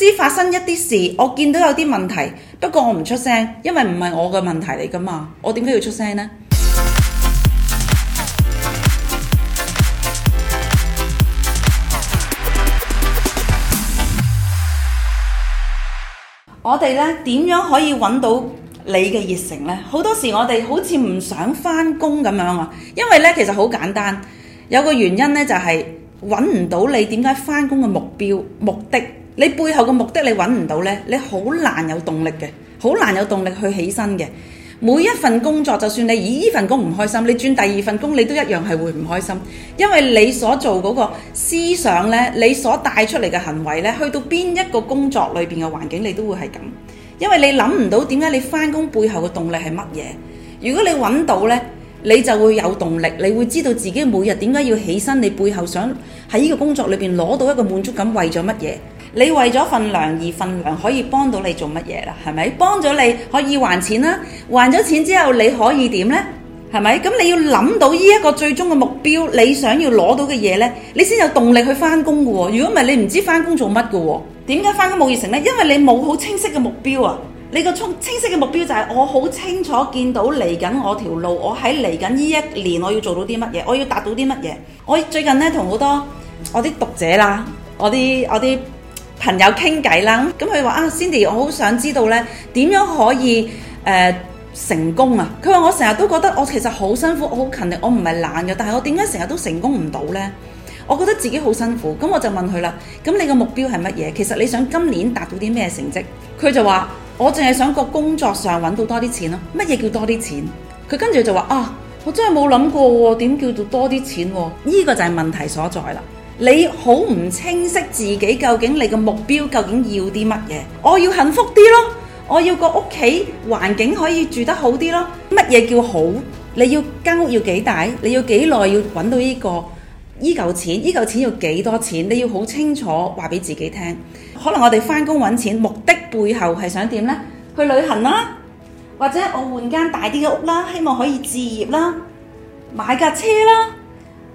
知發生一啲事，我見到有啲問題，不過我唔出聲，因為唔係我嘅問題嚟㗎嘛。我點解要出聲呢？我哋咧點樣可以揾到你嘅熱誠呢？好多時我哋好似唔想返工咁樣啊，因為咧其實好簡單，有個原因咧就係揾唔到你點解返工嘅目標、目的。你背後嘅目的，你揾唔到呢？你好難有動力嘅，好難有動力去起身嘅。每一份工作，就算你以呢份工唔開心，你轉第二份工，你都一樣係會唔開心，因為你所做嗰個思想呢，你所帶出嚟嘅行為呢，去到邊一個工作裏邊嘅環境，你都會係咁，因為你諗唔到點解你翻工背後嘅動力係乜嘢。如果你揾到呢，你就會有動力，你會知道自己每日點解要起身，你背後想喺呢個工作裏邊攞到一個滿足感為什麼，為咗乜嘢？你為咗份糧而份糧，可以幫到你做乜嘢啦？係咪？幫咗你可以還錢啦，還咗錢之後你可以點呢？係咪？咁你要諗到呢一個最終嘅目標，你想要攞到嘅嘢呢？你先有動力去翻工嘅。如果唔係，你唔知翻工做乜嘅。點解翻工冇完成呢？因為你冇好清晰嘅目標啊！你個清晰嘅目標就係我好清楚見到嚟緊我條路，我喺嚟緊呢一年我要做到啲乜嘢，我要達到啲乜嘢。我最近呢，同好多我啲讀者啦，我啲我啲。朋友傾偈啦，咁佢話啊，Cindy，我好想知道呢點樣可以誒、呃、成功啊？佢話我成日都覺得我其實好辛苦，我好勤力，我唔係懶嘅，但係我點解成日都成功唔到呢？我覺得自己好辛苦，咁我就問佢啦。咁你個目標係乜嘢？其實你想今年達到啲咩成績？佢就話我淨係想個工作上揾到多啲錢咯。乜嘢叫多啲錢？佢跟住就話啊，我真係冇諗過喎，點叫做多啲錢？呢、呢個就係問題所在啦。你好唔清晰自己究竟你嘅目標究竟要啲乜嘢？我、哦、要幸福啲咯，我要個屋企環境可以住得好啲咯。乜嘢叫好？你要間屋要幾大？你要幾耐要搵到呢、呢個依嚿錢？依嚿錢要幾多錢？你要好清楚話俾自己聽。可能我哋翻工搵錢目的背後係想點呢？去旅行啦，或者我換間大啲嘅屋啦，希望可以置業啦，買架車啦。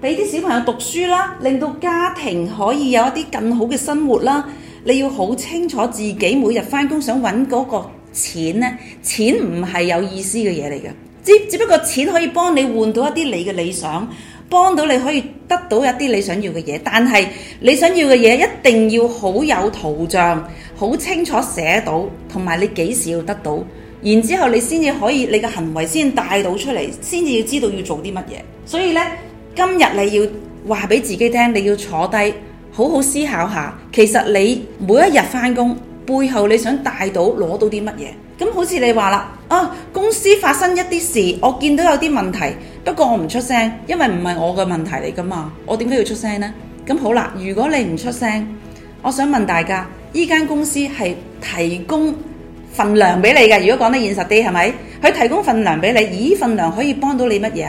俾啲小朋友讀書啦，令到家庭可以有一啲更好嘅生活啦。你要好清楚自己每日返工想揾嗰個錢呢，錢唔係有意思嘅嘢嚟嘅，只只不過錢可以幫你換到一啲你嘅理想，幫到你可以得到一啲你想要嘅嘢。但係你想要嘅嘢一定要好有圖像，好清楚寫到，同埋你幾時要得到，然之後你先至可以你嘅行為先帶到出嚟，先至要知道要做啲乜嘢。所以呢。今日你要話俾自己聽，你要坐低好好思考下，其實你每一日翻工背後，你想帶到攞到啲乜嘢？咁好似你話啦，啊公司發生一啲事，我見到有啲問題，不過我唔出聲，因為唔係我嘅問題嚟噶嘛，我點解要出聲呢？咁好啦，如果你唔出聲，我想問大家，依間公司係提供份糧俾你嘅？如果講得現實啲，係咪？佢提供份糧俾你，咦份糧可以幫到你乜嘢？，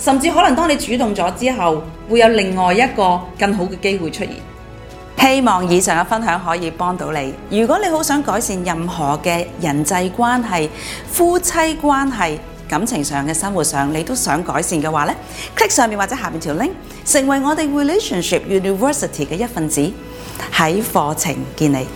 甚至可能當你主動咗之後，會有另外一個更好嘅機會出現。希望以上嘅分享可以幫到你。如果你好想改善任何嘅人際關係、夫妻關係、感情上嘅生活上，你都想改善嘅話咧，click 上面或者下面條 link，成為我哋 Relationship University 嘅一份子，喺課程見你。